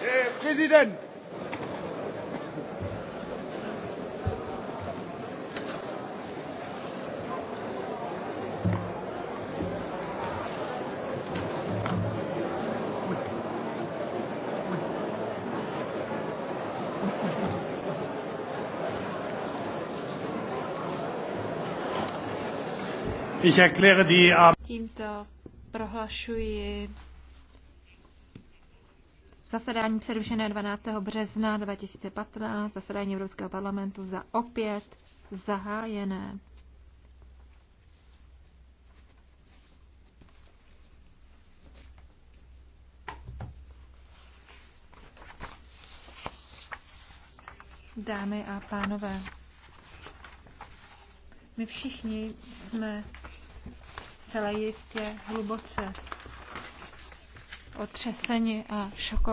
Herr eh, Tímto prohlašuji Zasedání přerušené 12. března 2015, zasedání Evropského parlamentu za opět zahájené. Dámy a pánové, my všichni jsme celé jistě hluboce otřeseni a šokovaní.